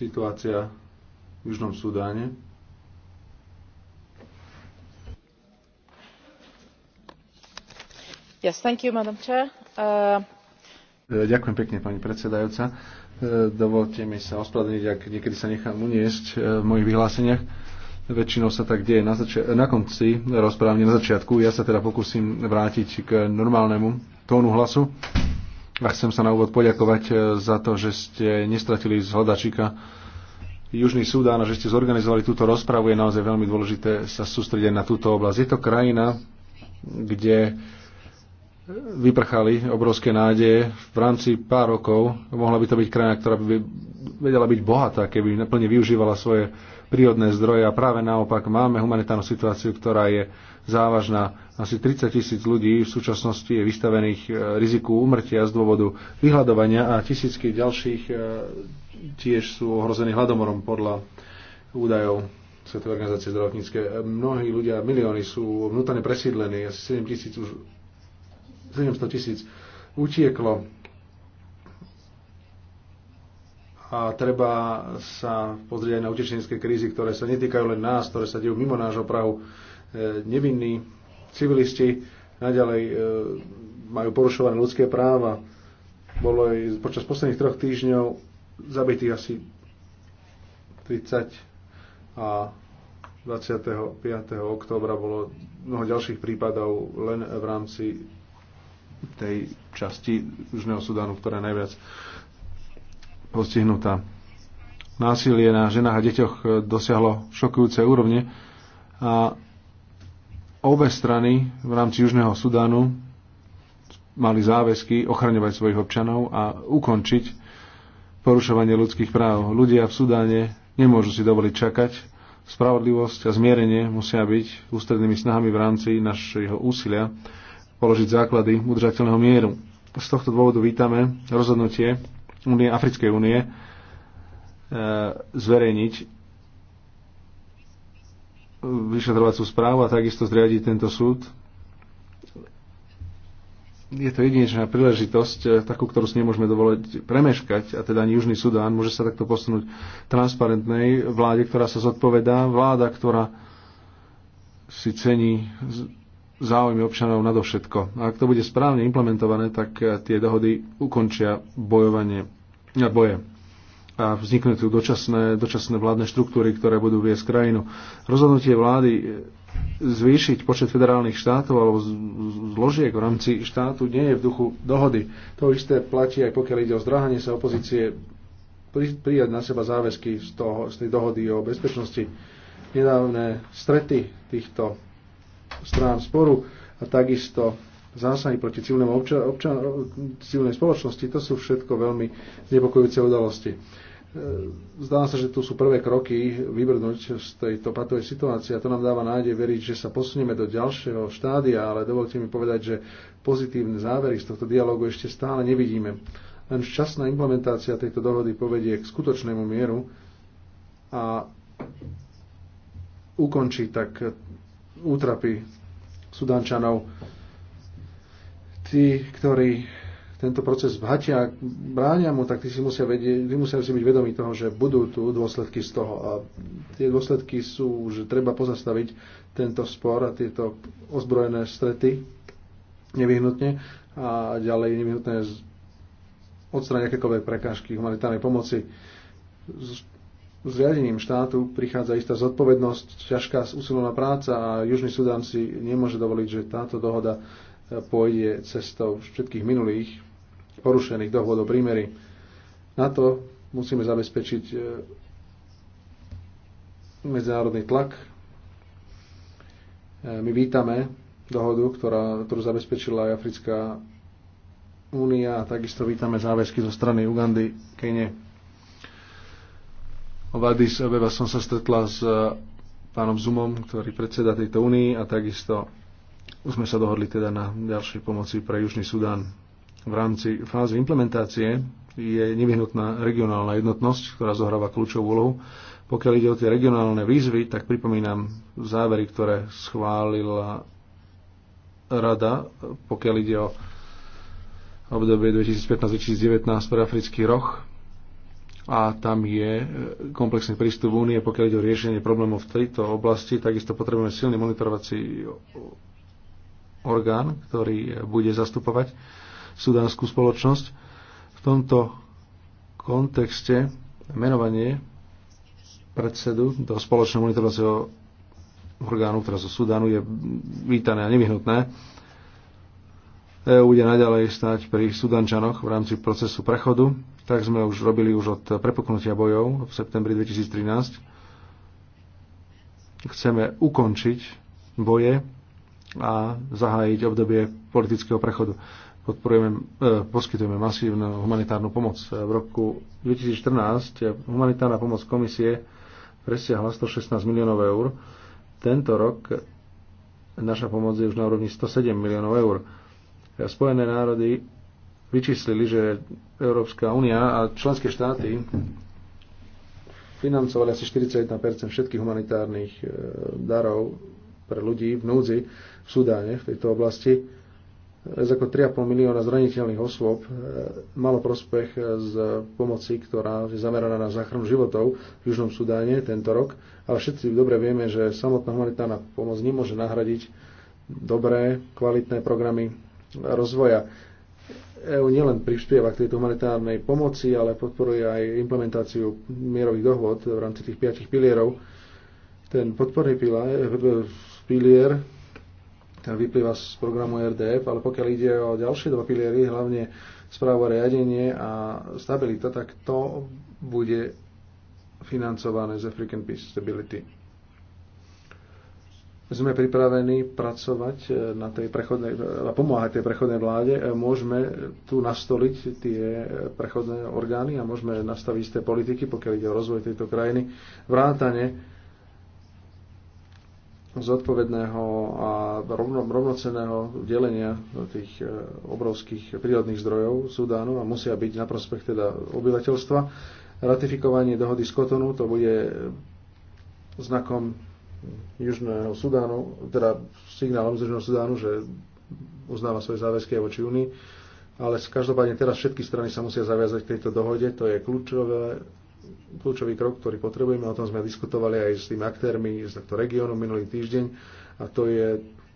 Situácia v Južnom Sudáne. Yes, thank you, Madam Chair. Uh... E, ďakujem pekne, pani predsedajúca. E, dovolte mi sa ospravedlniť, ak niekedy sa nechám uniesť e, v mojich vyhláseniach. Väčšinou sa tak deje na, na konci rozprávne na začiatku. Ja sa teda pokúsim vrátiť k normálnemu tónu hlasu. A chcem sa na úvod poďakovať e, za to, že ste nestratili z hľadačika Južný Sudán a že ste zorganizovali túto rozpravu. Je naozaj veľmi dôležité sa sústrediť na túto oblasť. Je to krajina, kde vyprchali obrovské nádeje. V rámci pár rokov mohla by to byť krajina, ktorá by vedela byť bohatá, keby naplne využívala svoje prírodné zdroje a práve naopak máme humanitárnu situáciu, ktorá je závažná. Asi 30 tisíc ľudí v súčasnosti je vystavených e, riziku úmrtia z dôvodu vyhľadovania a tisícky ďalších e, tiež sú ohrození hladomorom podľa údajov Svetovej organizácie zdravotníckej. E, mnohí ľudia, milióny sú vnútorne presídlení, asi 7 tisíc už 700 tisíc utieklo a treba sa pozrieť aj na utečenické krízy, ktoré sa netýkajú len nás, ktoré sa dejú mimo nášho Prahu nevinní civilisti naďalej e, majú porušované ľudské práva. Bolo aj počas posledných troch týždňov zabitých asi 30 a 25. októbra bolo mnoho ďalších prípadov len v rámci tej časti Južného Sudánu, ktorá je najviac postihnutá. Násilie na ženách a deťoch dosiahlo šokujúce úrovne a Obe strany v rámci Južného Sudánu mali záväzky ochraňovať svojich občanov a ukončiť porušovanie ľudských práv. Ľudia v Sudáne nemôžu si dovoliť čakať. Spravodlivosť a zmierenie musia byť ústrednými snahami v rámci našeho úsilia položiť základy udržateľného mieru. Z tohto dôvodu vítame rozhodnutie Unie, Africkej únie e, zverejniť vyšetrovacú správu a takisto zriadiť tento súd. Je to jedinečná príležitosť, eh, takú, ktorú si nemôžeme dovoliť premeškať, a teda ani Južný Sudán môže sa takto posunúť transparentnej vláde, ktorá sa zodpovedá, vláda, ktorá si cení záujmy občanov nadovšetko. A ak to bude správne implementované, tak eh, tie dohody ukončia bojovanie, eh, boje a vzniknú tu dočasné, dočasné vládne štruktúry, ktoré budú viesť krajinu. Rozhodnutie vlády zvýšiť počet federálnych štátov alebo zložiek v rámci štátu nie je v duchu dohody. To isté platí aj pokiaľ ide o zdráhanie sa opozície prijať na seba záväzky z, toho, z tej dohody o bezpečnosti. Nedávne strety týchto strán sporu a takisto zásahy proti civilnej spoločnosti, to sú všetko veľmi znepokojujúce udalosti. E, zdá sa, že tu sú prvé kroky vybrnúť z tejto patovej situácie a to nám dáva nádej veriť, že sa posunieme do ďalšieho štádia, ale dovolte mi povedať, že pozitívne závery z tohto dialogu ešte stále nevidíme. Len včasná implementácia tejto dohody povedie k skutočnému mieru a ukončí tak útrapy Sudančanov. Tí, ktorí tento proces vhatia, bránia mu, tak tí si musia, vedieť, musia si byť vedomí toho, že budú tu dôsledky z toho. A tie dôsledky sú, že treba pozastaviť tento spor a tieto ozbrojené strety nevyhnutne a ďalej nevyhnutné odstrániť akékoľvek prekážky humanitárnej pomoci. S riadením štátu prichádza istá zodpovednosť, ťažká usilovná práca a Južný Sudán si nemôže dovoliť, že táto dohoda pôjde cestou všetkých minulých porušených dohôd o prímery. Na to musíme zabezpečiť e, medzinárodný tlak. E, my vítame dohodu, ktorá, ktorú zabezpečila aj Africká únia a takisto vítame záväzky zo strany Ugandy, Kene. V Addis Abeba som sa stretla s e, pánom Zumom, ktorý predseda tejto únii a takisto už sme sa dohodli teda na ďalšej pomoci pre Južný Sudán v rámci fázy implementácie je nevyhnutná regionálna jednotnosť, ktorá zohráva kľúčovú úlohu. Pokiaľ ide o tie regionálne výzvy, tak pripomínam závery, ktoré schválila rada, pokiaľ ide o obdobie 2015-2019 pre africký roh. A tam je e, komplexný prístup únie, pokiaľ ide o riešenie problémov v tejto oblasti. Takisto potrebujeme silný monitorovací orgán, ktorý bude zastupovať sudánsku spoločnosť. V tomto kontexte menovanie predsedu do spoločného monitorovacieho orgánu, ktorá zo Sudánu je vítané a nevyhnutné. EU bude naďalej stať pri Sudančanoch v rámci procesu prechodu. Tak sme už robili už od prepoknutia bojov v septembri 2013. Chceme ukončiť boje a zahájiť obdobie politického prechodu podporujeme, e, poskytujeme masívnu humanitárnu pomoc. V roku 2014 humanitárna pomoc komisie presiahla 116 miliónov eur. Tento rok naša pomoc je už na úrovni 107 miliónov eur. Spojené národy vyčíslili, že Európska únia a členské štáty financovali asi 41% všetkých humanitárnych e, darov pre ľudí v núdzi v Sudáne, v tejto oblasti viac ako 3,5 milióna zraniteľných osôb e, malo prospech z pomoci, ktorá je zameraná na záchranu životov v Južnom Sudáne tento rok. Ale všetci dobre vieme, že samotná humanitárna pomoc nemôže nahradiť dobré, kvalitné programy rozvoja. EU nielen prispieva k tejto humanitárnej pomoci, ale podporuje aj implementáciu mierových dohôd v rámci tých piatich pilierov. Ten podporný e, e, pilier vyplýva z programu RDF, ale pokiaľ ide o ďalšie dva piliery, hlavne správo riadenie a stabilita, tak to bude financované z African Peace Stability. Sme pripravení pracovať eh, na tej prechodnej, a pomáhať tej prechodnej vláde. Eh, môžeme tu nastoliť tie eh, prechodné orgány a môžeme nastaviť isté politiky, pokiaľ ide o rozvoj tejto krajiny, vrátane zodpovedného a rovno, rovnoceného delenia tých e, obrovských prírodných zdrojov Sudánu a musia byť na prospech teda obyvateľstva. Ratifikovanie dohody z Kotonu to bude znakom Južného Sudánu, teda signálom z Južného Sudánu, že uznáva svoje záväzky aj voči Unii. Ale každopádne teraz všetky strany sa musia zaviazať k tejto dohode, to je kľúčové kľúčový krok, ktorý potrebujeme, o tom sme diskutovali aj s tými aktérmi z tohto regiónu minulý týždeň a to je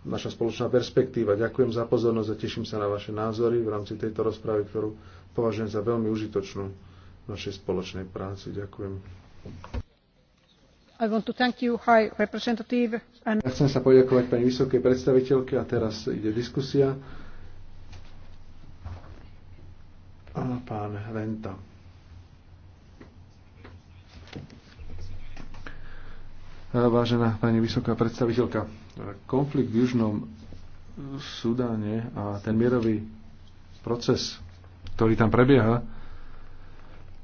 naša spoločná perspektíva. Ďakujem za pozornosť a teším sa na vaše názory v rámci tejto rozpravy, ktorú považujem za veľmi užitočnú v našej spoločnej práci. Ďakujem. I want to thank you, high representative. And... Ja chcem sa poďakovať pani vysokej predstaviteľke a teraz ide diskusia. A pán Renta. Vážená pani vysoká predstaviteľka, konflikt v Južnom Sudáne a ten mierový proces, ktorý tam prebieha,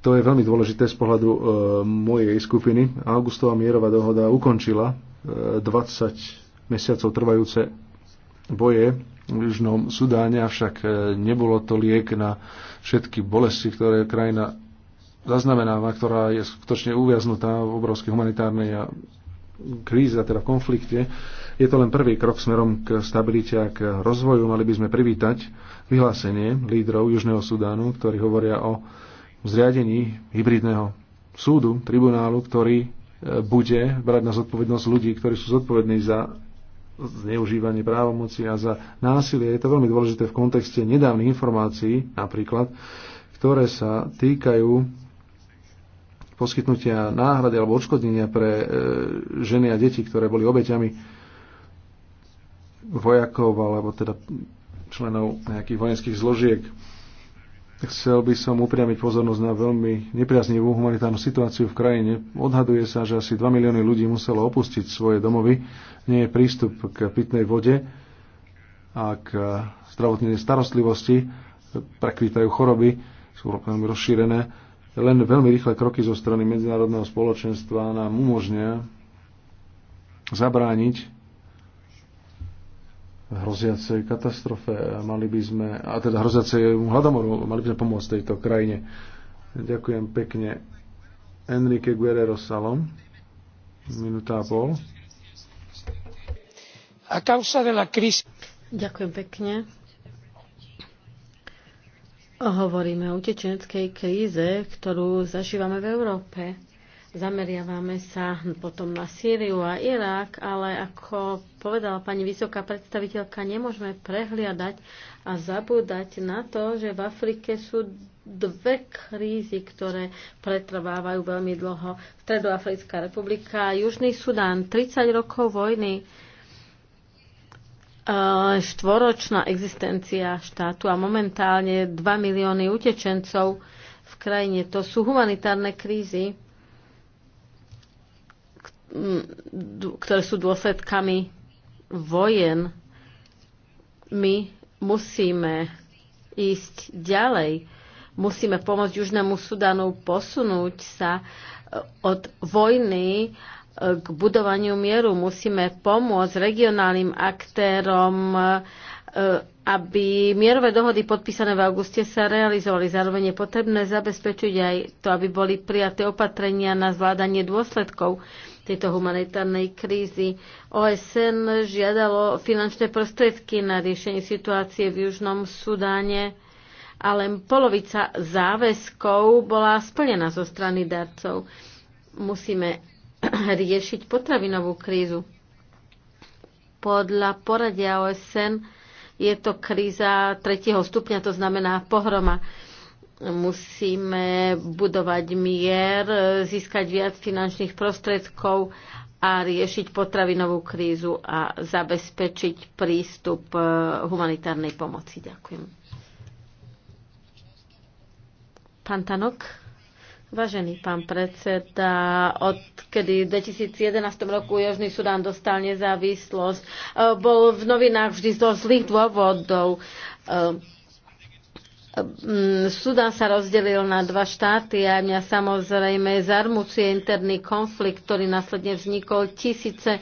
to je veľmi dôležité z pohľadu e, mojej skupiny. Augustová mierová dohoda ukončila e, 20 mesiacov trvajúce boje v Južnom Sudáne, avšak e, nebolo to liek na všetky bolesti, ktoré krajina zaznamenáva, ktorá je skutočne uviaznutá v obrovskej humanitárnej a kríze, teda v konflikte. Je to len prvý krok smerom k stabilite a k rozvoju. Mali by sme privítať vyhlásenie lídrov Južného Sudánu, ktorí hovoria o zriadení hybridného súdu, tribunálu, ktorý e, bude brať na zodpovednosť ľudí, ktorí sú zodpovední za zneužívanie právomoci a za násilie. Je to veľmi dôležité v kontexte nedávnych informácií, napríklad, ktoré sa týkajú poskytnutia náhrady alebo odškodnenia pre e, ženy a deti, ktoré boli obeťami vojakov alebo teda členov nejakých vojenských zložiek. Chcel by som upriamiť pozornosť na veľmi nepriaznivú humanitárnu situáciu v krajine. Odhaduje sa, že asi 2 milióny ľudí muselo opustiť svoje domovy. Nie je prístup k pitnej vode a k zdravotnej starostlivosti. Prekvítajú choroby, sú veľmi rozšírené len veľmi rýchle kroky zo strany medzinárodného spoločenstva nám umožnia zabrániť hroziacej katastrofe, a mali by sme, a teda hroziacej hladomoru, mali by sme pomôcť tejto krajine. Ďakujem pekne. Enrique Guerrero Salom, minúta a pol. Ďakujem pekne Hovoríme o utečeneckej kríze, ktorú zažívame v Európe. Zameriavame sa potom na Sýriu a Irak, ale ako povedala pani vysoká predstaviteľka, nemôžeme prehliadať a zabúdať na to, že v Afrike sú dve krízy, ktoré pretrvávajú veľmi dlho. Stredoafrická republika Južný Sudán. 30 rokov vojny Eh, štvoročná existencia štátu a momentálne 2 milióny utečencov v krajine. To sú humanitárne krízy, ktoré sú dôsledkami vojen. My musíme ísť ďalej. Musíme pomôcť Južnému Sudanu posunúť sa eh, od vojny k budovaniu mieru. Musíme pomôcť regionálnym aktérom, eh, aby mierové dohody podpísané v auguste sa realizovali. Zároveň je potrebné zabezpečiť aj to, aby boli prijaté opatrenia na zvládanie dôsledkov tejto humanitárnej krízy. OSN žiadalo finančné prostriedky na riešenie situácie v Južnom Sudáne a len polovica záväzkov bola splnená zo strany darcov. Musíme riešiť potravinovú krízu. Podľa poradia OSN je to kríza tretieho stupňa, to znamená pohroma musíme budovať mier, získať viac finančných prostredkov a riešiť potravinovú krízu a zabezpečiť prístup eh, humanitárnej pomoci. Ďakujem. Pán Tanok? Vážený pán predseda, odkedy v 2011 roku Južný Sudán dostal nezávislosť, e, bol v novinách vždy zo zlých dôvodov. E, Sudán sa rozdelil na dva štáty a mňa samozrejme zarmúcuje interný konflikt, ktorý následne vznikol tisíce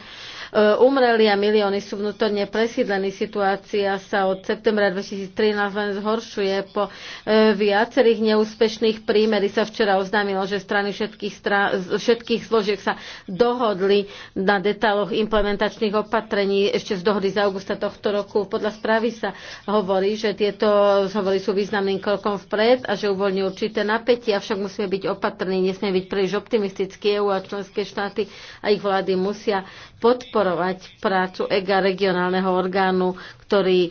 Eh, umreli a milióny sú vnútorne presídlení. Situácia sa od septembra 2013 len zhoršuje. Po eh, viacerých neúspešných prímery sa včera oznámilo, že strany všetkých, strán, všetkých zložiek sa dohodli na detailoch implementačných opatrení ešte z dohody z augusta tohto roku. Podľa správy sa hovorí, že tieto zhovory sú významným krokom vpred a že uvoľňujú určité napätie, avšak musíme byť opatrní, nesmie byť príliš optimistickí EU a členské štáty a ich vlády musia podporiť podporovať prácu EGA regionálneho orgánu, ktorý e,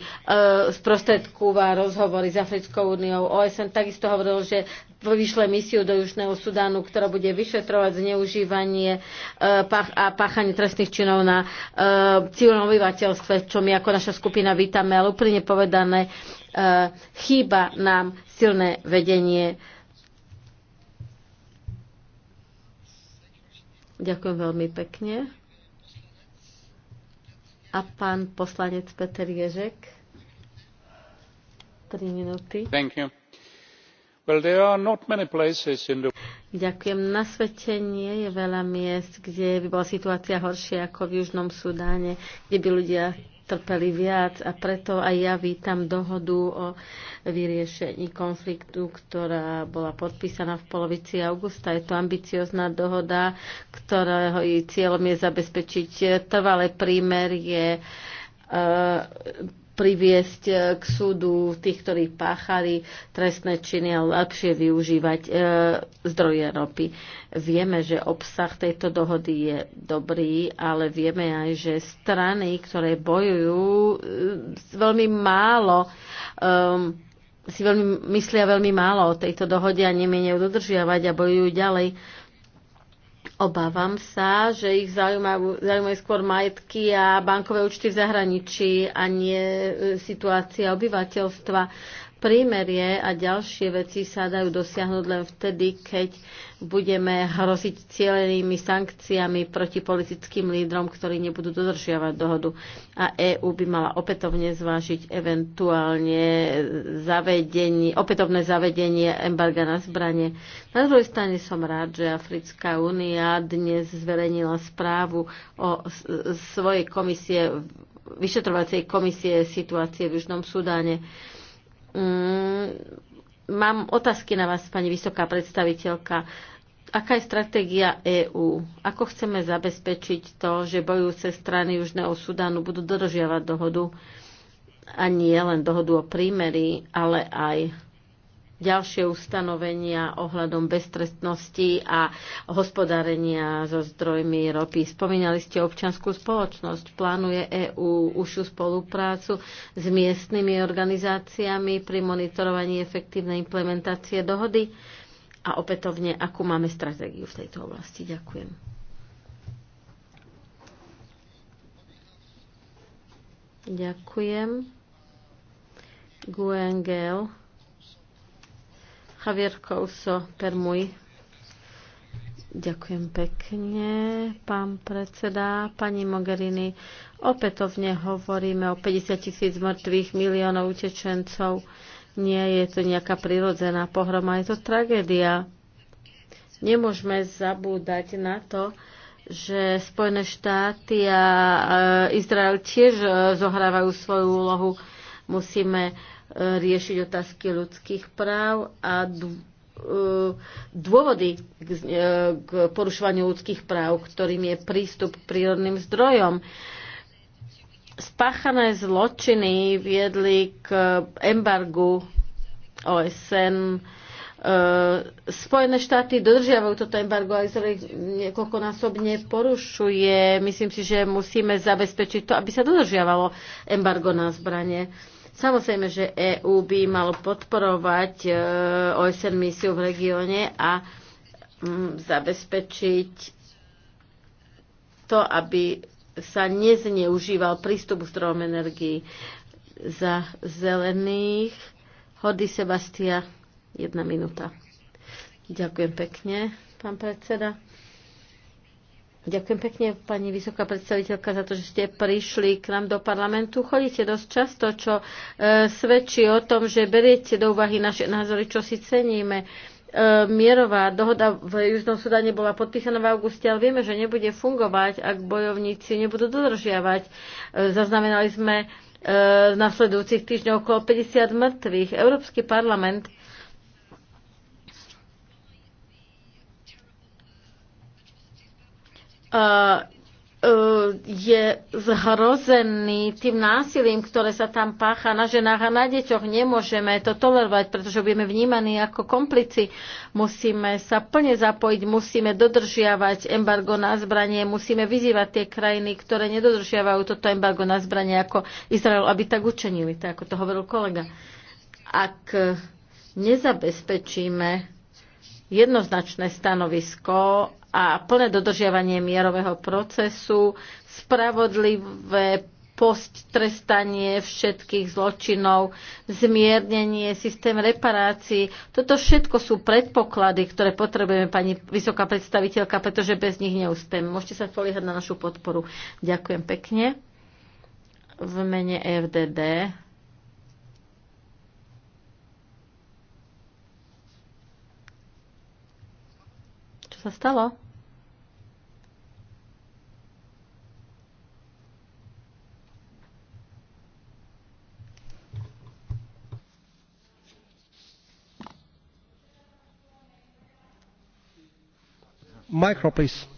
sprostredkúva rozhovory s Africkou úniou. OSN takisto hovoril, že vyšle misiu do Južného Sudánu, ktorá bude vyšetrovať zneužívanie e, pach, a páchanie trestných činov na e, civilnom obyvateľstve, čo my ako naša skupina vítame, ale úplne povedané e, chýba nám silné vedenie. Ďakujem veľmi pekne. A pán poslanec Peter Ježek. Tri minúty. Thank you. Well, there are not many places in the... Ďakujem. Na svete nie je veľa miest, kde by bola situácia horšia ako v Južnom Sudáne, kde by ľudia trpeli viac a preto aj ja vítam dohodu o vyriešení konfliktu, ktorá bola podpísaná v polovici augusta. Je to ambiciozná dohoda, ktorého jej cieľom je zabezpečiť trvalé prímerie e, priviesť e, k súdu tých, ktorí páchali trestné činy a lepšie využívať e, zdroje ropy. Vieme, že obsah tejto dohody je dobrý, ale vieme aj, že strany, ktoré bojujú, e, veľmi málo e, si veľmi, myslia veľmi málo o tejto dohode a nemienia ju dodržiavať a bojujú ďalej. Obávam sa, že ich zaujímajú, zaujímajú skôr majetky a bankové účty v zahraničí a nie e, situácia obyvateľstva. Prímerie a ďalšie veci sa dajú dosiahnuť len vtedy, keď budeme hroziť cieľenými sankciami proti politickým lídrom, ktorí nebudú dodržiavať dohodu. A EÚ by mala opätovne zvážiť eventuálne zavedenie, opätovné zavedenie embarga na zbranie. Na druhej strane som rád, že Africká únia dnes zverejnila správu o svojej komisie vyšetrovacej komisie situácie v Južnom Sudáne. Mm, mám otázky na vás, pani vysoká predstaviteľka. Aká je stratégia EÚ? Ako chceme zabezpečiť to, že bojujúce strany Južného Sudánu budú dodržiavať dohodu a nie len dohodu o prímery, ale aj ďalšie ustanovenia ohľadom beztrestnosti a hospodárenia so zdrojmi ropy. Spomínali ste občanskú spoločnosť. Plánuje EÚ užšiu spoluprácu s miestnymi organizáciami pri monitorovaní efektívnej implementácie dohody a opätovne, akú máme stratégiu v tejto oblasti. Ďakujem. Ďakujem. Guengel. Javier Couso muy. Ďakujem pekne, pán predseda, pani Mogherini. Opätovne hovoríme o 50 tisíc mŕtvych, miliónov utečencov. Nie je to nejaká prirodzená pohroma, je to tragédia. Nemôžeme zabúdať na to, že Spojené štáty a e, Izrael tiež e, zohrávajú svoju úlohu. Musíme riešiť otázky ľudských práv a e, dôvody e, k porušovaniu ľudských práv, ktorým je prístup k prírodným zdrojom. Spáchané zločiny viedli k embargu OSN. E, Spojené štáty dodržiavajú toto embargo a Izrael niekoľkonásobne porušuje. Myslím si, že musíme zabezpečiť to, aby sa dodržiavalo embargo na zbranie. Samozrejme, že EÚ by malo podporovať e, OSN misiu v regióne a mm, zabezpečiť to, aby sa nezneužíval prístup k zdrojom energii. Za zelených hody Sebastia, jedna minúta. Ďakujem pekne, pán predseda. Ďakujem pekne, pani vysoká predstaviteľka, za to, že ste prišli k nám do parlamentu. Chodíte dosť často, čo e, svedčí o tom, že beriete do úvahy naše názory, čo si ceníme. E, mierová dohoda v Južnom Sudáne bola podpísaná v auguste, ale vieme, že nebude fungovať, ak bojovníci nebudú dodržiavať. E, zaznamenali sme e, v nasledujúcich týždňoch okolo 50 mŕtvych. Európsky parlament E, je zhrozený tým násilím, ktoré sa tam pácha na ženách a na deťoch. Nemôžeme to tolerovať, pretože budeme vnímaní ako komplici. Musíme sa plne zapojiť, musíme dodržiavať embargo na zbranie, musíme vyzývať tie krajiny, ktoré nedodržiavajú toto embargo na zbranie ako Izrael, aby tak učinili, tak ako to hovoril kolega. Ak nezabezpečíme jednoznačné stanovisko a plné dodržiavanie mierového procesu, spravodlivé posttrestanie všetkých zločinov, zmiernenie, systém reparácií. Toto všetko sú predpoklady, ktoré potrebujeme, pani vysoká predstaviteľka, pretože bez nich neúspeme. Môžete sa spoliehať na našu podporu. Ďakujem pekne. V mene FDD sa stalo? Micro, please.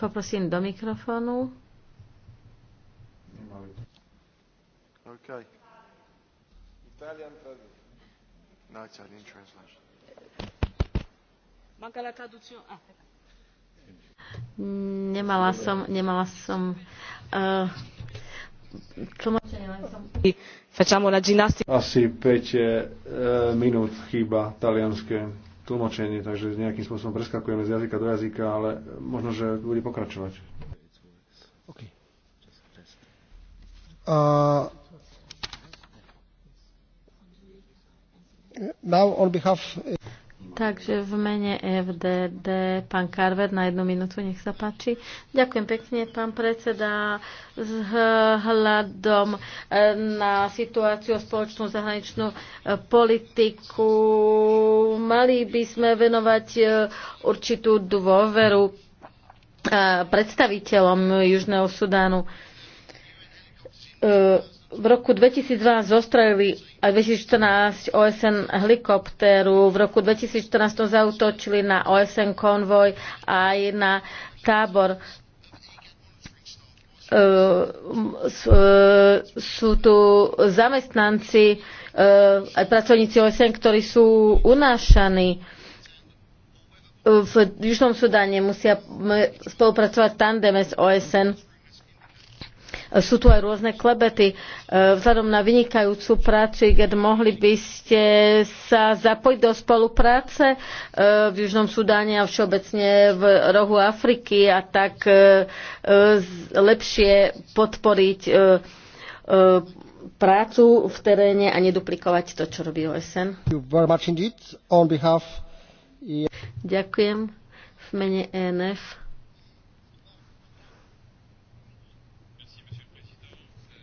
Poprosím do mikrofónu. Okay. Italian translation. No Italian translation. Ah, nemala som, nemala som uh, tlmočenie, som... Facciamo una ginnastica. Asi 5 e, eh, minút chýba talianské tlmočenie, takže nejakým spôsobom preskakujeme z jazyka do jazyka, ale možno, že bude pokračovať. Uh, now on behalf... Takže v mene FDD pán Karver na jednu minútu, nech sa páči. Ďakujem pekne, pán predseda. S hľadom e, na situáciu spoločnú zahraničnú e, politiku mali by sme venovať e, určitú dôveru predstaviteľom Južného Sudánu v roku 2012 zostrojili a 2014 OSN helikoptéru, v roku 2014 zautočili na OSN konvoj aj na tábor. Ehm, e, sú tu zamestnanci, e, aj pracovníci OSN, ktorí sú unášaní v Južnom Sudáne, musia spolupracovať tandeme s OSN sú tu aj rôzne klebety. E, vzhľadom na vynikajúcu prácu, keď mohli by ste sa zapojiť do spolupráce e, v Južnom Sudáne a všeobecne v rohu Afriky a tak e, lepšie podporiť prácu v teréne a neduplikovať to, čo robí OSN. Ďakujem. V mene ENF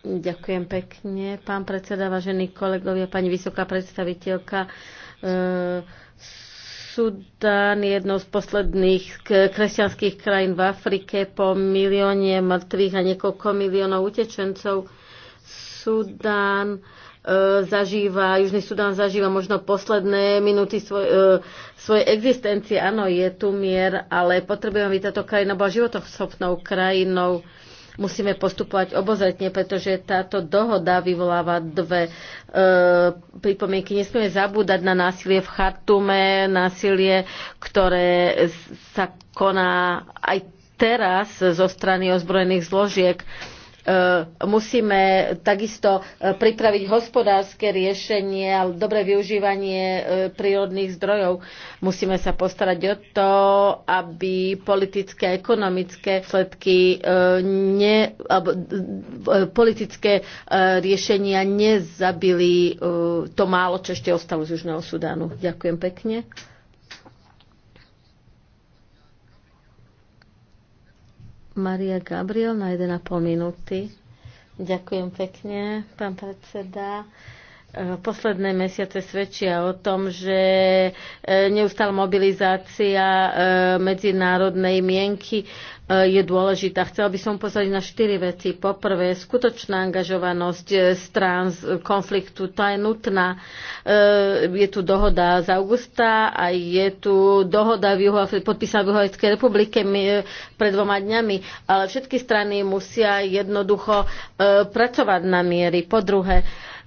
Ďakujem pekne, pán predseda, vážení kolegovia, pani vysoká predstaviteľka. E, Sudán je jednou z posledných kresťanských krajín v Afrike po milióne mŕtvych a niekoľko miliónov utečencov. Sudán e, zažíva, Južný Sudán zažíva možno posledné minúty svoj, e, svojej existencie. Áno, je tu mier, ale potrebujeme, aby táto krajina bola životoschopnou krajinou musíme postupovať obozretne, pretože táto dohoda vyvoláva dve e, pripomienky. Nesmieme zabúdať na násilie v Chartume, násilie, ktoré sa koná aj teraz zo strany ozbrojených zložiek. E, E, musíme takisto e, pripraviť hospodárske riešenie a dobré využívanie e, prírodných zdrojov. Musíme sa postarať o to, aby politické a ekonomické sledky ne, alebo, politické riešenia nezabili to málo, čo ešte ostalo z Južného Sudánu. Ďakujem pekne. Maria Gabriel na 1,5 minúty. Ďakujem pekne, pán predseda. Posledné mesiace svedčia o tom, že e, neustála mobilizácia e, medzinárodnej mienky e, je dôležitá. Chcela by som pozrieť na štyri veci. Poprvé, skutočná angažovanosť strán z konfliktu, tá je nutná. Je tu dohoda z augusta a je tu dohoda v Juho, podpísaná v Juhoafrickej republike pred dvoma dňami, ale všetky strany musia jednoducho pracovať na miery. Po druhé,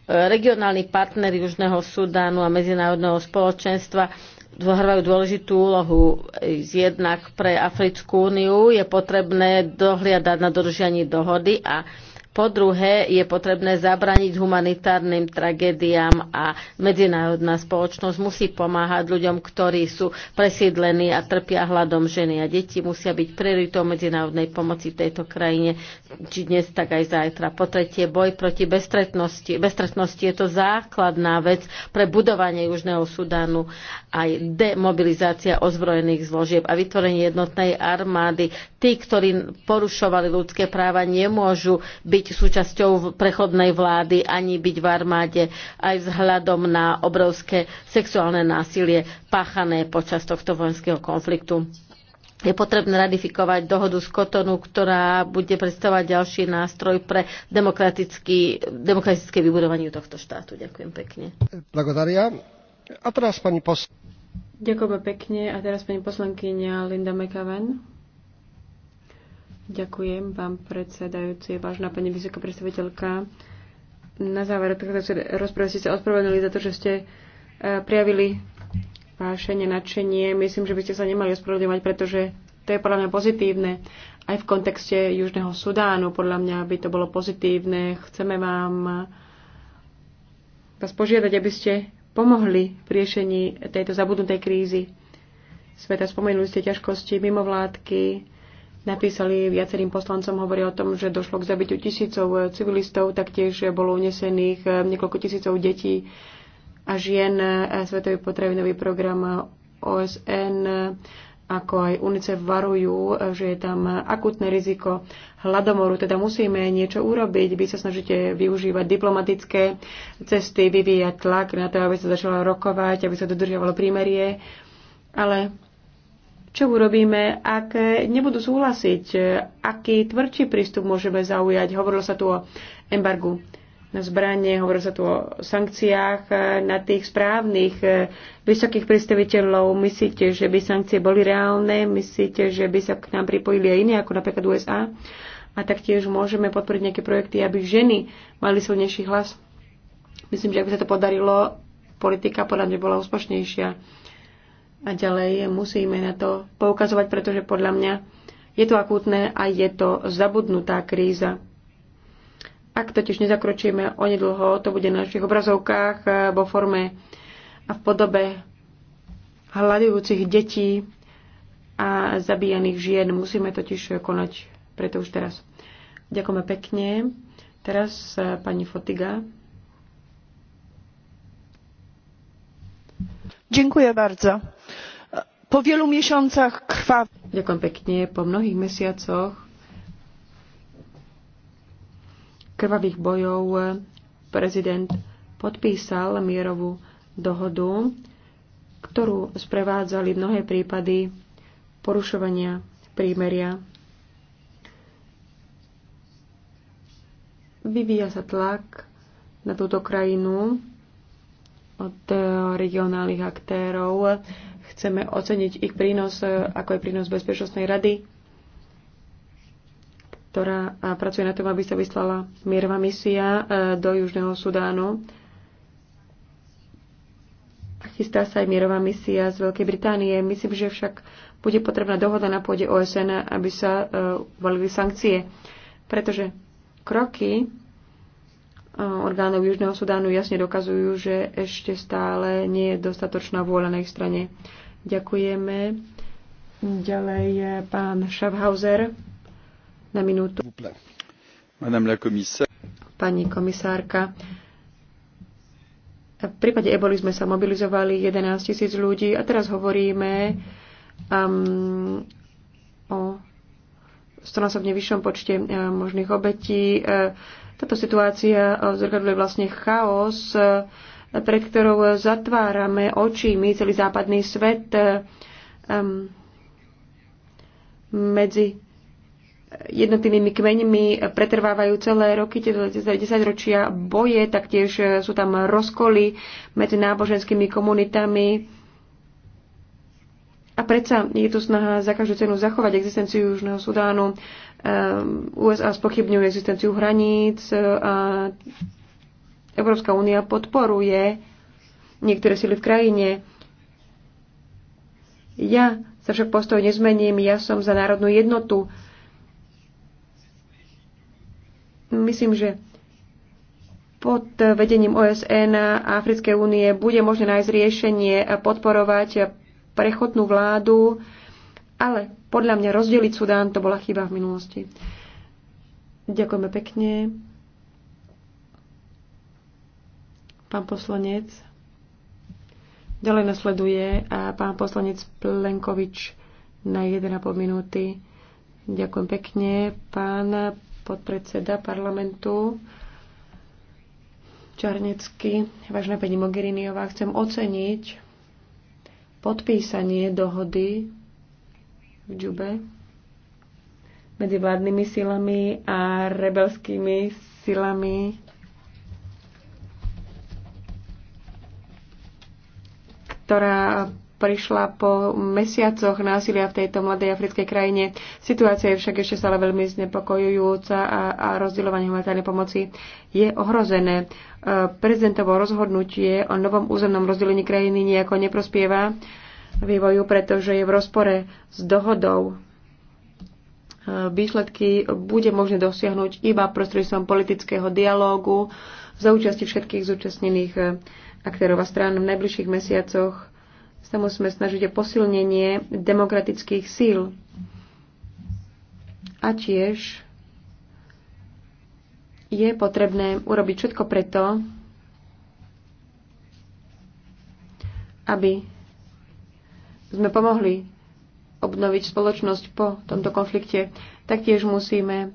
Regionálni partneri Južného Sudánu a medzinárodného spoločenstva zohrávajú dôležitú úlohu. Jednak pre Africkú úniu je potrebné dohliadať na dodržianie dohody a po druhé, je potrebné zabraniť humanitárnym tragédiám a medzinárodná spoločnosť musí pomáhať ľuďom, ktorí sú presídlení a trpia hladom ženy a deti musia byť prioritou medzinárodnej pomoci v tejto krajine, či dnes, tak aj zajtra. Po tretie, boj proti bestretnosti. Bestretnosti je to základná vec pre budovanie Južného Sudánu aj demobilizácia ozbrojených zložieb a vytvorenie jednotnej armády. Tí, ktorí porušovali ľudské práva, nemôžu byť byť súčasťou prechodnej vlády, ani byť v armáde, aj vzhľadom na obrovské sexuálne násilie páchané počas tohto vojenského konfliktu. Je potrebné ratifikovať dohodu z Kotonu, ktorá bude predstavovať ďalší nástroj pre demokratické vybudovanie tohto štátu. Ďakujem pekne. Blagodaria. A teraz pani Ďakujem pekne. A teraz pani poslankyňa Linda McAven. Ďakujem vám, predsedajúci, vážna pani vysoká predstaviteľka. Na záver rozprávy ste sa ospravedlnili za to, že ste e, prijavili vášenie, nadšenie. Myslím, že by ste sa nemali ospravedlňovať, pretože to je podľa mňa pozitívne. Aj v kontexte Južného Sudánu podľa mňa by to bolo pozitívne. Chceme vám vás požiadať, aby ste pomohli v riešení tejto zabudnutej krízy sveta. Spomenuli ste ťažkosti mimovládky, napísali viacerým poslancom, hovorí o tom, že došlo k zabitiu tisícov civilistov, taktiež bolo unesených eh, niekoľko tisícov detí a žien. Eh, Svetový potravinový program OSN eh, ako aj UNICEF varujú, že je tam akutné riziko hladomoru, teda musíme niečo urobiť. Vy sa snažíte využívať diplomatické cesty, vyvíjať tlak na to, aby sa začalo rokovať, aby sa dodržiavalo prímerie, ale čo urobíme, ak nebudú súhlasiť? Aký tvrdší prístup môžeme zaujať? Hovorilo sa tu o embargu na zbranie, hovorilo sa tu o sankciách e, na tých správnych e, vysokých predstaviteľov. Myslíte, že by sankcie boli reálne? Myslíte, že by sa k nám pripojili aj iní, ako napríklad USA? A taktiež môžeme podporiť nejaké projekty, aby ženy mali silnejší hlas. Myslím, že ak by sa to podarilo, politika podľa mňa bola úspešnejšia a ďalej musíme na to poukazovať, pretože podľa mňa je to akútne a je to zabudnutá kríza. Ak totiž nezakročíme onedlho, to bude na našich obrazovkách eh, vo forme a v podobe hľadujúcich detí a zabíjaných žien. Musíme totiž konať preto už teraz. Ďakujeme pekne. Teraz eh, pani Fotiga. Po wielu miesiącach Ďakujem pekne. Po mnohých mesiacoch krvavých bojov prezident podpísal mierovú dohodu, ktorú sprevádzali mnohé prípady porušovania prímeria. Vyvíja sa tlak na túto krajinu od eh, regionálnych aktérov. Chceme oceniť ich prínos, eh, ako je prínos Bezpečnostnej rady, ktorá eh, pracuje na tom, aby sa vyslala mierová misia do Južného Sudánu. Chystá sa aj mierová misia z Veľkej Británie. Myslím, že však bude potrebná dohoda na pôde OSN, aby sa uvalili sankcie, pretože kroky orgánov Južného Sudánu jasne dokazujú, že ešte stále nie je dostatočná vôľa na ich strane. Ďakujeme. Ďalej je pán Schaffhauser na minútu. Pani komisárka, v prípade eboli sme sa mobilizovali 11 tisíc ľudí a teraz hovoríme um, o stonásobne vyššom počte eh, možných obetí. Uh, táto situácia eh, zrkadluje vlastne chaos, eh, pred ktorou zatvárame oči my, celý západný svet um, medzi jednotlivými kmeňmi pretrvávajú celé roky, tieto 10 ročia boje, taktiež sú tam rozkoly medzi náboženskými komunitami. A predsa je tu snaha za každú cenu zachovať existenciu Južného Sudánu. Ehm, USA spochybňujú existenciu hraníc e, a Európska únia podporuje niektoré sily v krajine. Ja sa však postoj nezmením, ja som za národnú jednotu. Myslím, že pod vedením OSN a Africkej únie bude možné nájsť riešenie a podporovať prechodnú vládu, ale podľa mňa rozdeliť Sudán to bola chyba v minulosti. Ďakujeme pekne. Pán poslanec. Ďalej nasleduje a pán poslanec Plenkovič na 1,5 minúty. Ďakujem pekne. Pán podpredseda parlamentu Čarnecký, vážna pani Mogheriniová, chcem oceniť podpísanie dohody v Džube medzi vládnymi silami a rebelskými silami. ktorá prišla po mesiacoch násilia v tejto mladej africkej krajine. Situácia je však ešte stále veľmi znepokojujúca a, a rozdielovanie humanitárnej pomoci je ohrozené. E, prezidentovo rozhodnutie o novom územnom rozdelení krajiny nejako neprospieva e, vývoju, pretože je v rozpore s dohodou. E, výsledky bude možné dosiahnuť iba prostredstvom politického dialógu za účasti všetkých zúčastnených e, aktérov a strán v najbližších mesiacoch sa musíme snažiť o posilnenie demokratických síl a tiež je potrebné urobiť všetko preto, aby sme pomohli obnoviť spoločnosť po tomto konflikte, taktiež musíme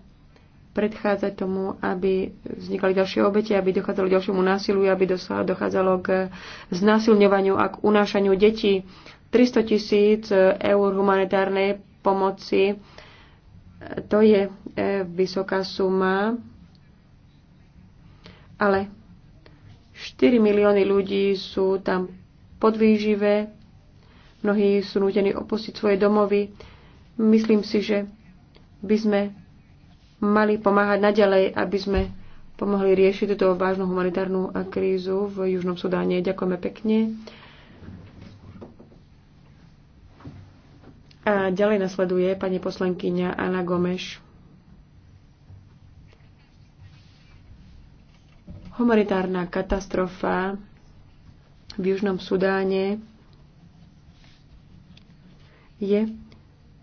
predchádzať tomu, aby vznikali ďalšie obete, aby dochádzalo k ďalšiemu násilu, aby dochádzalo k znásilňovaniu a k unášaniu detí. 300 tisíc e, eur humanitárnej pomoci, e, to je e, vysoká suma, ale 4 milióny ľudí sú tam podvýživé, Mnohí sú nútení opustiť svoje domovy. Myslím si, že by sme mali pomáhať naďalej, aby sme pomohli riešiť túto vážnu humanitárnu krízu v Južnom Sudáne. Ďakujeme pekne. A ďalej nasleduje pani poslankyňa Anna Gomeš. Humanitárna katastrofa v Južnom Sudáne je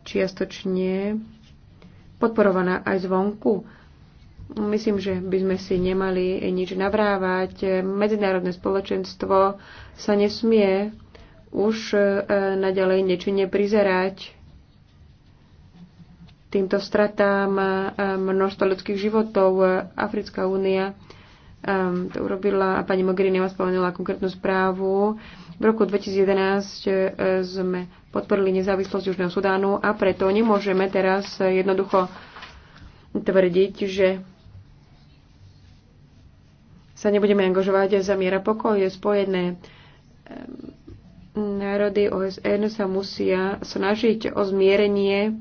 čiastočne podporovaná aj zvonku. Myslím, že by sme si nemali nič navrávať. Medzinárodné spoločenstvo sa nesmie už e, naďalej nečine prizerať týmto stratám e, množstvo ľudských životov. Africká únia e, to urobila a pani Mogherini spomenula konkrétnu správu. V roku 2011 sme podporili nezávislosť Južného Sudánu a preto nemôžeme teraz jednoducho tvrdiť, že sa nebudeme angažovať za miera je Spojené národy OSN sa musia snažiť o zmierenie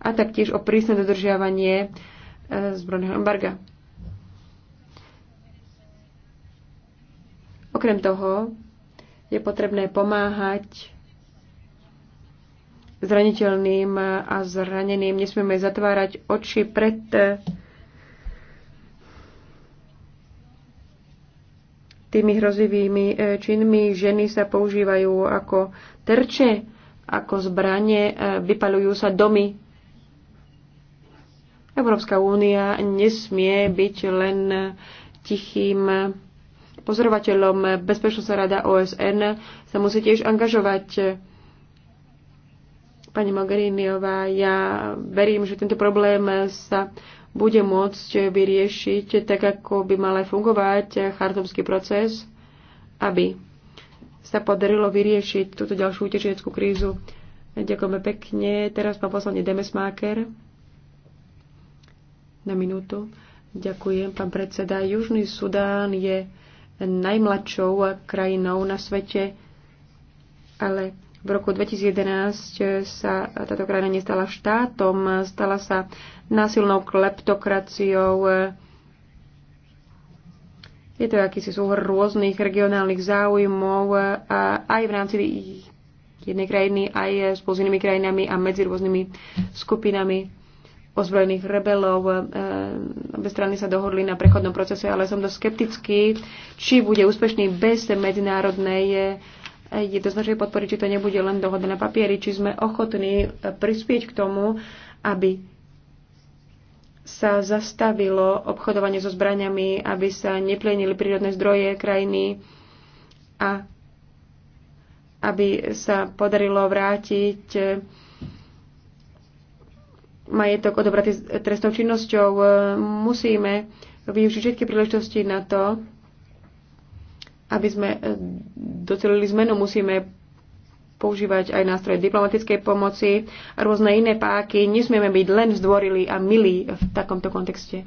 a taktiež o prísne dodržiavanie e, zbrojného embarga. Okrem toho, je potrebné pomáhať zraniteľným a zraneným. Nesmieme zatvárať oči pred tými hrozivými e, činmi. Ženy sa používajú ako terče, ako zbranie, e, vypalujú sa domy. Európska únia nesmie byť len tichým pozorovateľom. Bezpečnostná rada OSN sa musí tiež angažovať. Pani Mogheriniová, ja verím, že tento problém sa bude môcť vyriešiť tak, ako by mal aj fungovať chartomský proces, aby sa podarilo vyriešiť túto ďalšiu utečeneckú krízu. Ďakujeme pekne. Teraz pán poslanec Demesmáker. Na minútu. Ďakujem, pán predseda. Južný Sudán je najmladšou krajinou na svete, ale v roku 2011 sa táto krajina nestala štátom, stala sa násilnou kleptokraciou. Je to akýsi súhor rôznych regionálnych záujmov a aj v rámci jednej krajiny, aj spolu s inými krajinami a medzi rôznymi skupinami ozbrojených rebelov. Obe strany sa dohodli na prechodnom procese, ale som dosť skeptický, či bude úspešný bez medzinárodnej eh, jednoznačnej podporiť, či to nebude len dohoda na papieri, či sme ochotní eh, prispieť k tomu, aby sa zastavilo obchodovanie so zbraniami, aby sa neplenili prírodné zdroje krajiny a aby sa podarilo vrátiť eh, majetok odobratý trestnou činnosťou. E, musíme využiť všetky príležitosti na to, aby sme e, docelili zmenu, musíme používať aj nástroje diplomatickej pomoci a rôzne iné páky. Nesmieme byť len zdvorili a milí v takomto kontexte.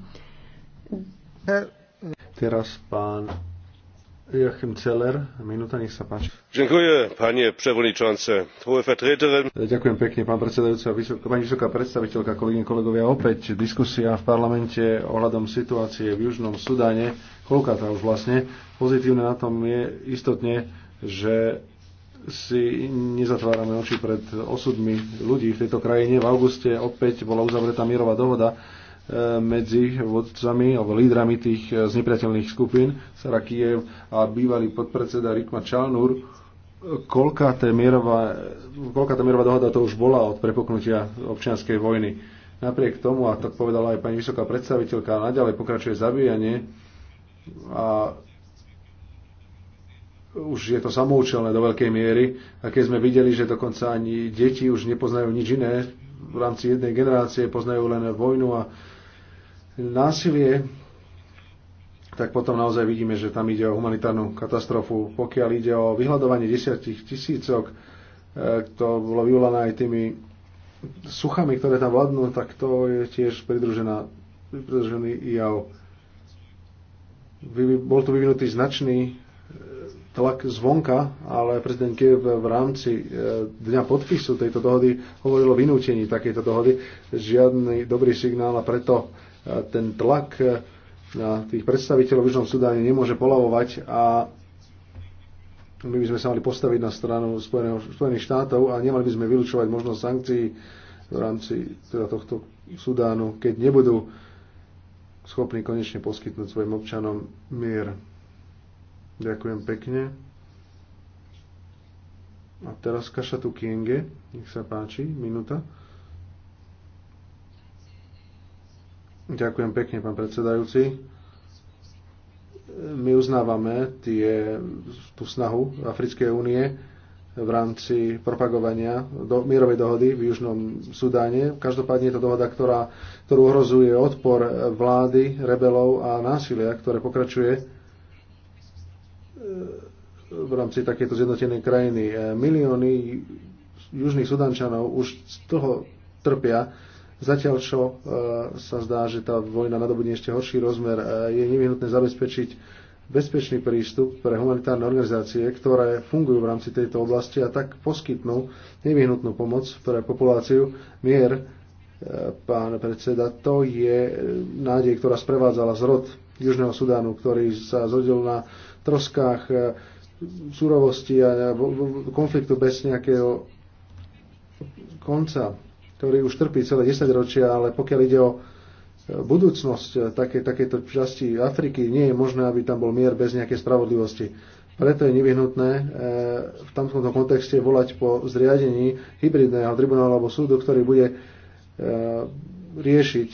Teraz pán Joachim minúta, nech sa páči. Ďakujem, Ďakujem pekne, pán predsedajúca, vysoká, pani vysoká predstaviteľka, kolegyne, kolegovia. Opäť diskusia v parlamente ohľadom situácie v Južnom Sudáne, tá už vlastne. Pozitívne na tom je istotne, že si nezatvárame oči pred osudmi ľudí v tejto krajine. V auguste opäť bola uzavretá mierová dohoda, E, medzi vodcami alebo lídrami tých e, znepriateľných skupín, Sara Kiev a bývalý podpredseda Rikma Čalnur. Koľká tá mierová, koľká tá mierová dohoda to už bola od prepoknutia občianskej vojny? Napriek tomu, a to povedala aj pani vysoká predstaviteľka, naďalej pokračuje zabíjanie a už je to samoučelné do veľkej miery. A keď sme videli, že dokonca ani deti už nepoznajú nič iné, v rámci jednej generácie poznajú len vojnu a násilie, tak potom naozaj vidíme, že tam ide o humanitárnu katastrofu. Pokiaľ ide o vyhľadovanie desiatich tisícok, e, to bolo vyvolané aj tými suchami, ktoré tam vládnu, tak to je tiež pridružená, pridružený IAO. Bol tu vyvinutý značný e, tlak zvonka, ale prezident Kiev v rámci e, dňa podpisu tejto dohody hovoril o vynútení takejto dohody. Žiadny dobrý signál a preto ten tlak e, na tých predstaviteľov v Južnom Sudáne nemôže polavovať a my by sme sa mali postaviť na stranu Spojeného, Spojených štátov a nemali by sme vylúčovať možnosť sankcií v rámci teda tohto Sudánu, keď nebudú schopní konečne poskytnúť svojim občanom mier. Ďakujem pekne. A teraz Kašatu Kienge, nech sa páči, minúta. Ďakujem pekne, pán predsedajúci. My uznávame tie, tú snahu Africkej únie v rámci propagovania do, mierovej dohody v Južnom Sudáne. Každopádne je to dohoda, ktorá, ktorú ohrozuje odpor vlády, rebelov a násilia, ktoré pokračuje e, v rámci takéto zjednotenej krajiny. E, milióny južných sudančanov už z toho trpia Zatiaľ čo e, sa zdá, že tá vojna nadobudne ešte horší rozmer, e, je nevyhnutné zabezpečiť bezpečný prístup pre humanitárne organizácie, ktoré fungujú v rámci tejto oblasti a tak poskytnú nevyhnutnú pomoc pre populáciu. Mier, e, pán predseda, to je nádej, ktorá sprevádzala zrod Južného Sudánu, ktorý sa zrodil na troskách súrovosti a konfliktu bez nejakého konca ktorý už trpí celé 10 ročia, ale pokiaľ ide o e, budúcnosť e, také, takéto časti Afriky, nie je možné, aby tam bol mier bez nejakej spravodlivosti. Preto je nevyhnutné e, v tomto kontexte volať po zriadení hybridného tribunálu alebo súdu, ktorý bude riešiť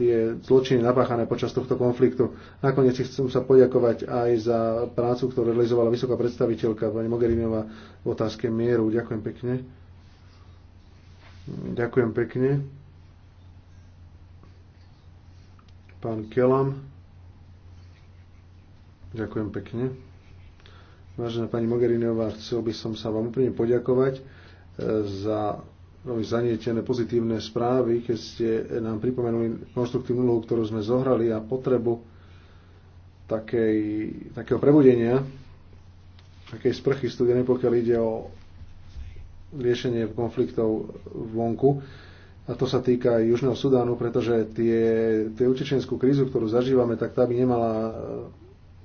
tie zločiny napáchané počas tohto konfliktu. Nakoniec chcem sa poďakovať aj za prácu, ktorú realizovala vysoká predstaviteľka pani Mogherinová v otázke mieru. Ďakujem pekne. Ďakujem pekne. Pán Kelam. Ďakujem pekne. Vážená pani Mogherinová, chcel by som sa vám úplne poďakovať e, za veľmi zanietené pozitívne správy, keď ste nám pripomenuli konstruktívnu úlohu, ktorú sme zohrali a potrebu takej, takého prebudenia, takej sprchy studenej, pokiaľ ide o riešenie konfliktov vonku. A to sa týka aj Južného Sudánu, pretože tie, tie utečenskú krízu, ktorú zažívame, tak tá by nemala e,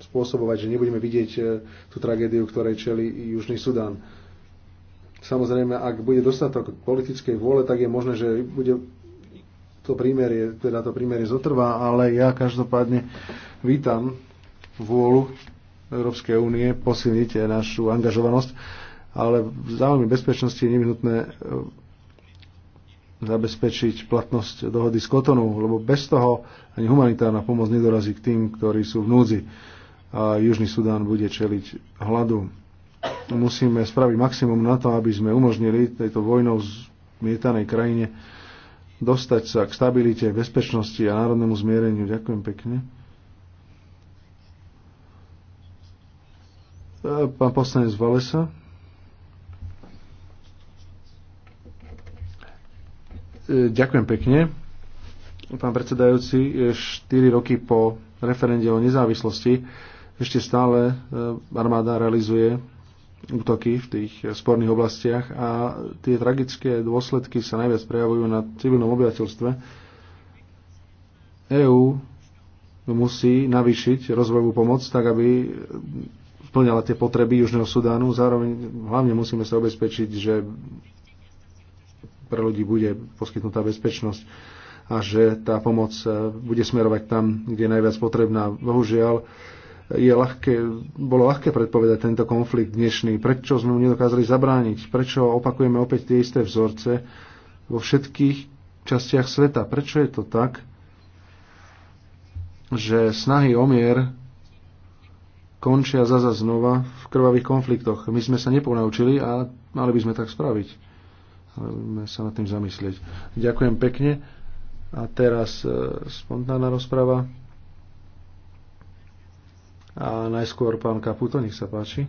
spôsobovať, že nebudeme vidieť e, tú tragédiu, ktorej čeli Južný Sudán. Samozrejme, ak bude dostatok politickej vôle, tak je možné, že bude to prímerie, teda to prímerie zotrvá, ale ja každopádne vítam vôľu Európskej únie posilniť našu angažovanosť ale v záujme bezpečnosti je nevyhnutné e, zabezpečiť platnosť dohody s Kotonou, lebo bez toho ani humanitárna pomoc nedorazí k tým, ktorí sú v núdzi a Južný Sudán bude čeliť hladu. Musíme spraviť maximum na to, aby sme umožnili tejto vojnou zmietanej krajine dostať sa k stabilite, bezpečnosti a národnému zmiereniu. Ďakujem pekne. E, pán poslanec Valesa. E, ďakujem pekne. Pán predsedajúci, 4 e, roky po referende o nezávislosti ešte stále e, armáda realizuje útoky v tých sporných oblastiach a tie tragické dôsledky sa najviac prejavujú na civilnom obyvateľstve. EÚ musí navýšiť rozvojovú pomoc tak, aby splňala tie potreby Južného Sudánu. Zároveň hlavne musíme sa obezpečiť, že pre ľudí bude poskytnutá bezpečnosť a že tá pomoc eh, bude smerovať tam, kde je najviac potrebná. Bohužiaľ, je ľahké, bolo ľahké predpovedať tento konflikt dnešný. Prečo sme mu nedokázali zabrániť? Prečo opakujeme opäť tie isté vzorce vo všetkých častiach sveta? Prečo je to tak, že snahy o mier končia zaza znova v krvavých konfliktoch? My sme sa neponaučili a mali by sme tak spraviť. Budeme sa nad tým zamyslieť. Ďakujem pekne. A teraz e, spontánna rozprava. A najskôr pán Kaputo, nech sa páči.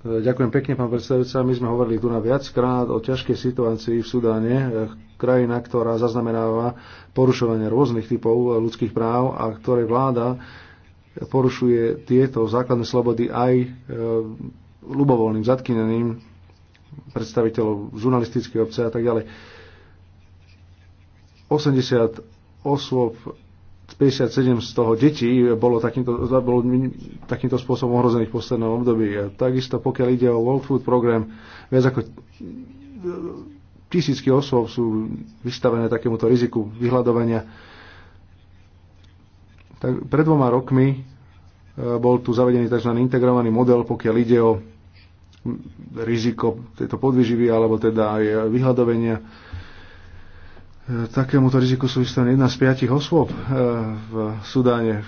E, ďakujem pekne, pán predstavujúca. My sme hovorili tu na viackrát o ťažkej situácii v Sudáne, e, krajina, ktorá zaznamenáva porušovanie rôznych typov ľudských práv a ktorej vláda porušuje tieto základné slobody aj ľubovoľným zatknením predstaviteľov žurnalistickej obce a tak ďalej. 80 osôb 57 z toho detí bolo takýmto, bolo takýmto spôsobom ohrozených v poslednom období. Takisto pokiaľ ide o World Food Program, viac ako tisícky osôb sú vystavené takémuto riziku vyhľadovania. Tak pred dvoma rokmi e, bol tu zavedený tzv. integrovaný model, pokiaľ ide o riziko tejto podvyživy alebo teda aj vyhľadovenia. E, takémuto riziku sú vystavené jedna z piatich osôb e, v Sudáne.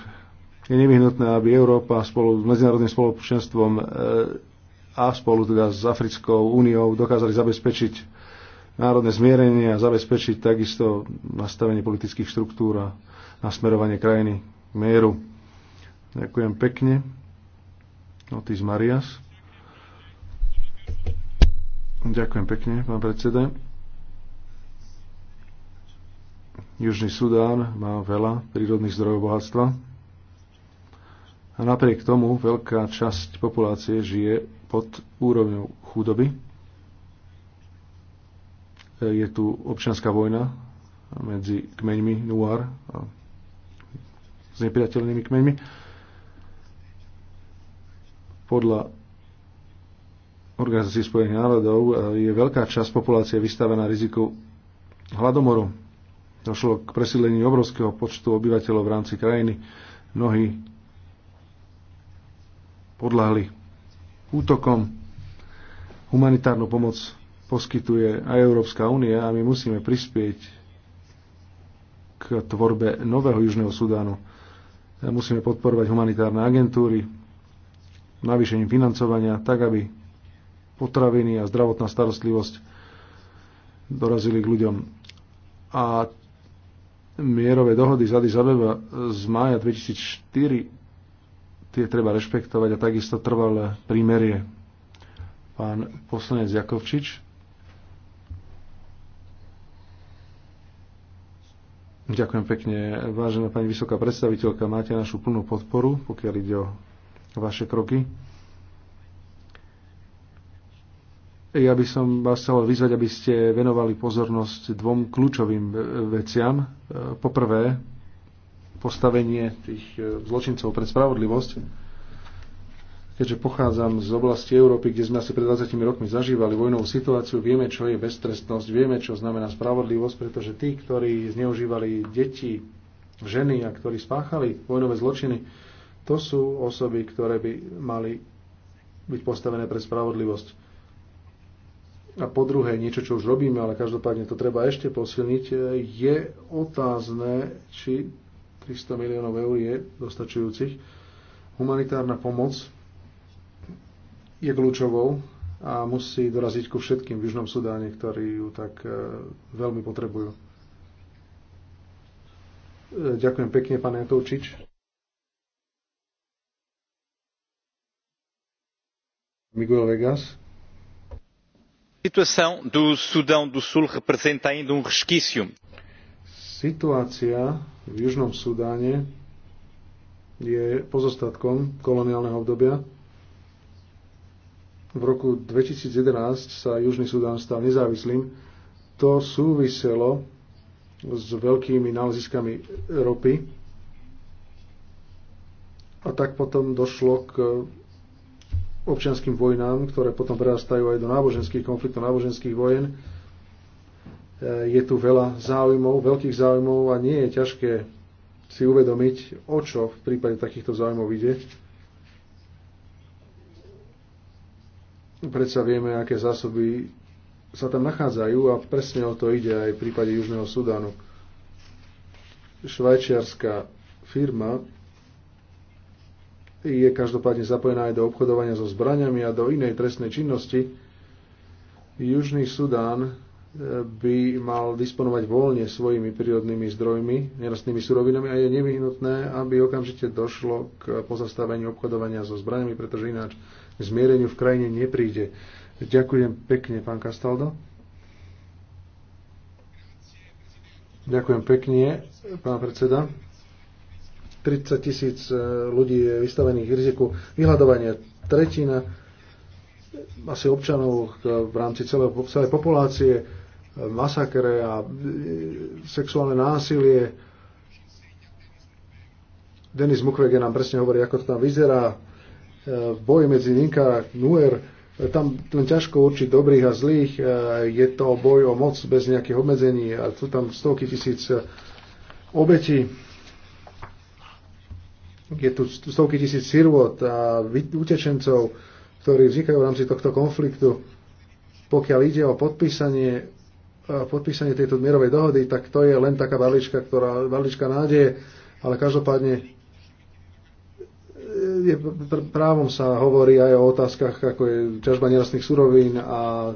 Je nevyhnutné, aby Európa spolu s medzinárodným spoločenstvom e, a spolu teda s Africkou úniou dokázali zabezpečiť národné zmierenie a zabezpečiť takisto nastavenie politických štruktúr a nasmerovanie krajiny k mieru. Ďakujem pekne. Otis Marias. Ďakujem pekne, pán predseda. Južný Sudán má veľa prírodných zdrojov bohatstva. A napriek tomu veľká časť populácie žije pod úrovňou chudoby. Je tu občianská vojna medzi kmeňmi Nuar a s nepriateľnými kmeňmi. Podľa Organizácie spojených národov e, je veľká časť populácie vystavená riziku hladomoru. Došlo k presídleniu obrovského počtu obyvateľov v rámci krajiny. Mnohí podľahli útokom. Humanitárnu pomoc poskytuje aj Európska únia a my musíme prispieť k tvorbe nového Južného Sudánu. E, musíme podporovať humanitárne agentúry, navýšením financovania, tak aby potraviny a zdravotná starostlivosť dorazili k ľuďom. A mierové dohody z Addis Abeba z mája 2004 tie treba rešpektovať a takisto trvalé prímerie. Pán poslanec Jakovčič. Ďakujem pekne. Vážená pani vysoká predstaviteľka, máte našu plnú podporu, pokiaľ ide o vaše kroky. Ja by som vás chcel vyzvať, aby ste venovali pozornosť dvom kľúčovým veciam. E, poprvé, postavenie tých e, zločincov pre spravodlivosť. Keďže pochádzam z oblasti Európy, kde sme asi pred 20 rokmi zažívali vojnovú situáciu, vieme, čo je beztrestnosť, vieme, čo znamená spravodlivosť, pretože tí, ktorí zneužívali deti, ženy a ktorí spáchali vojnové zločiny, to sú osoby, ktoré by mali byť postavené pre spravodlivosť a po druhé, niečo, čo už robíme, ale každopádne to treba ešte posilniť, e, je otázne, či 300 miliónov eur je dostačujúcich. Humanitárna pomoc je kľúčovou a musí doraziť ku všetkým v Južnom Sudáne, ktorí ju tak e, veľmi potrebujú. E, ďakujem pekne, pán Jatovčič. Miguel Vegas. Situácia um v Južnom Sudáne je pozostatkom koloniálneho obdobia. V roku 2011 sa Južný Sudán stal nezávislým. To súviselo s veľkými náleziskami ropy a tak potom došlo k občianským vojnám, ktoré potom prerastajú aj do náboženských konfliktov, náboženských vojen. E, je tu veľa záujmov, veľkých záujmov a nie je ťažké si uvedomiť, o čo v prípade takýchto záujmov ide. Predsa vieme, aké zásoby sa tam nachádzajú a presne o to ide aj v prípade Južného Sudánu. Švajčiarska firma je každopádne zapojená aj do obchodovania so zbraniami a do inej trestnej činnosti. Južný Sudán eh, by mal disponovať voľne svojimi prírodnými zdrojmi, nerastnými surovinami a je nevyhnutné, aby okamžite došlo k pozastaveniu obchodovania so zbraniami, pretože ináč k zmiereniu v krajine nepríde. Ďakujem pekne, pán Castaldo. Ďakujem pekne, pán predseda. 30 tisíc e, ľudí je vystavených riziku vyhľadovania. Tretina asi občanov e, v rámci celej, celej populácie, e, masakre a sexuálne násilie. Denis Mukwege nám presne hovorí, ako to tam vyzerá. Boj medzi Ninka a Nuer, tam len ťažko určiť dobrých a zlých. Je to boj o moc bez nejakých obmedzení a sú tam stovky tisíc obetí je tu stovky tisíc sirvot a utečencov, ktorí vznikajú v rámci tohto konfliktu. Pokiaľ ide o podpísanie, podpísanie tejto mierovej dohody, tak to je len taká balička, ktorá, balička nádeje, ale každopádne e, je, pr- právom sa hovorí aj o otázkach, ako je ťažba nerastných surovín a e,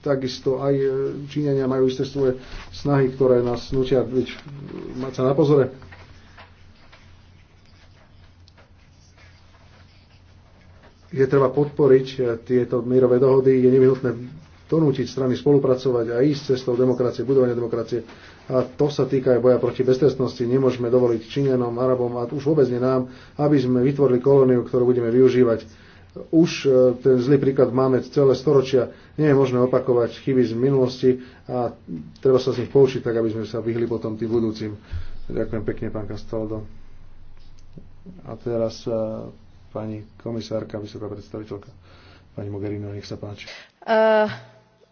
takisto aj e, Číňania majú isté svoje snahy, ktoré nás nutia byť, mať sa na pozore. Je treba podporiť eh, tieto mierové dohody, je nevyhnutné donútiť strany spolupracovať a ísť cestou demokracie, budovania demokracie. A to sa týka aj boja proti beztrestnosti. Nemôžeme dovoliť Číňanom, Arabom a už vôbec nie nám, aby sme vytvorili kolóniu, ktorú budeme využívať. Už eh, ten zlý príklad máme celé storočia. Nie je možné opakovať chyby z minulosti a treba sa z nich poučiť, tak aby sme sa vyhli potom tým budúcim. Ďakujem pekne, pán Castaldo. A teraz eh, pani komisárka, vysoká predstaviteľka, pani Mogherino, nech sa páči. Uh,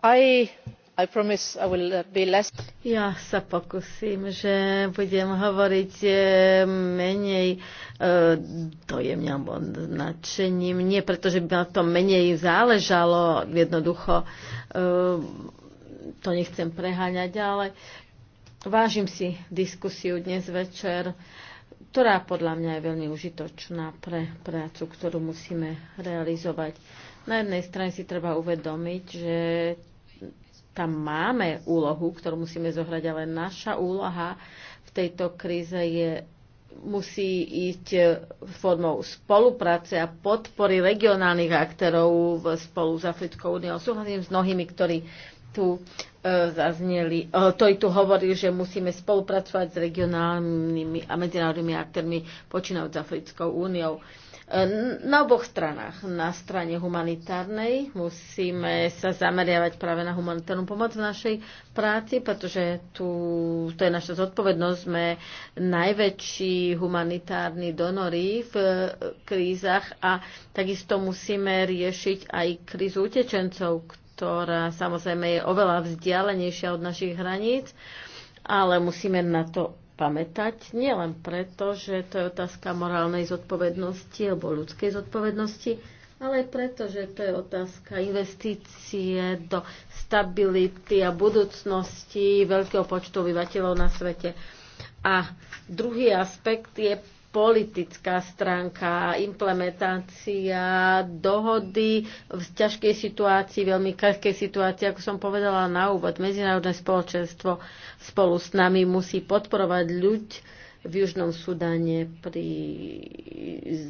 I, I promise I will be less... Ja sa pokusím, že budem hovoriť eh, menej eh, dojemne alebo nadšením. Nie preto, že by na to menej záležalo, jednoducho eh, to nechcem preháňať, ale vážim si diskusiu dnes večer. Uh, ktorá podľa mňa je veľmi užitočná pre prácu, ktorú musíme realizovať. Na jednej strane si treba uvedomiť, že tam máme úlohu, ktorú musíme zohrať, ale naša úloha v tejto kríze je musí ísť formou spolupráce a podpory regionálnych aktérov spolu s Africkou úniou. Súhlasím s mnohými, ktorí tu e, zazneli, e, to tu hovoril, že musíme spolupracovať s regionálnymi a medzinárodnými aktérmi počínajúc s Africkou úniou. E, na oboch stranách, na strane humanitárnej, musíme sa zameriavať práve na humanitárnu pomoc v našej práci, pretože tu, to je naša zodpovednosť. Sme najväčší humanitárni donory v krízach a takisto musíme riešiť aj krízu utečencov, ktorá samozrejme je oveľa vzdialenejšia od našich hraníc, ale musíme na to pamätať, nielen preto, že to je otázka morálnej zodpovednosti alebo ľudskej zodpovednosti, ale aj preto, že to je otázka investície do stability a budúcnosti veľkého počtu obyvateľov na svete. A druhý aspekt je politická stránka, implementácia dohody v ťažkej situácii, veľmi ťažkej situácii, ako som povedala na úvod. Medzinárodné spoločenstvo spolu s nami musí podporovať ľuď v Južnom Sudáne pri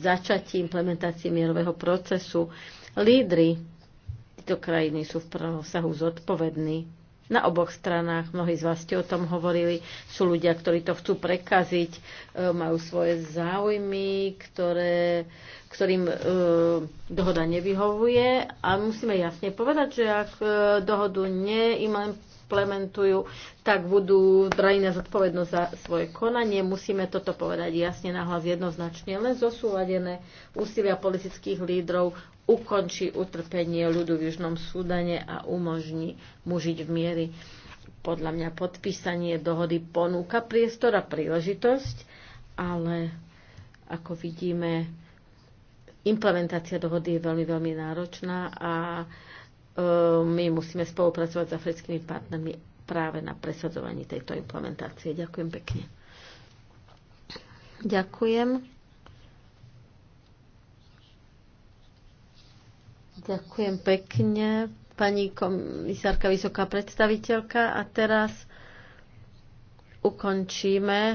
začatí implementácie mierového procesu. Lídry tieto krajiny sú v prvom sahu zodpovední na oboch stranách. Mnohí z vás ste o tom hovorili. Sú ľudia, ktorí to chcú prekaziť, e, majú svoje záujmy, ktoré, ktorým e, dohoda nevyhovuje a musíme jasne povedať, že ak e, dohodu neimplementujú, tak budú braní na zodpovednosť za svoje konanie. Musíme toto povedať jasne, nahlas, jednoznačne. Len zosúladené úsilia politických lídrov ukončí utrpenie ľudu v Južnom Súdane a umožní mu žiť v miery. Podľa mňa podpísanie dohody ponúka priestor a príležitosť, ale ako vidíme, implementácia dohody je veľmi, veľmi náročná a e, my musíme spolupracovať s africkými partnermi práve na presadzovaní tejto implementácie. Ďakujem pekne. Ďakujem. Ďakujem pekne, pani komisárka, vysoká predstaviteľka. A teraz ukončíme.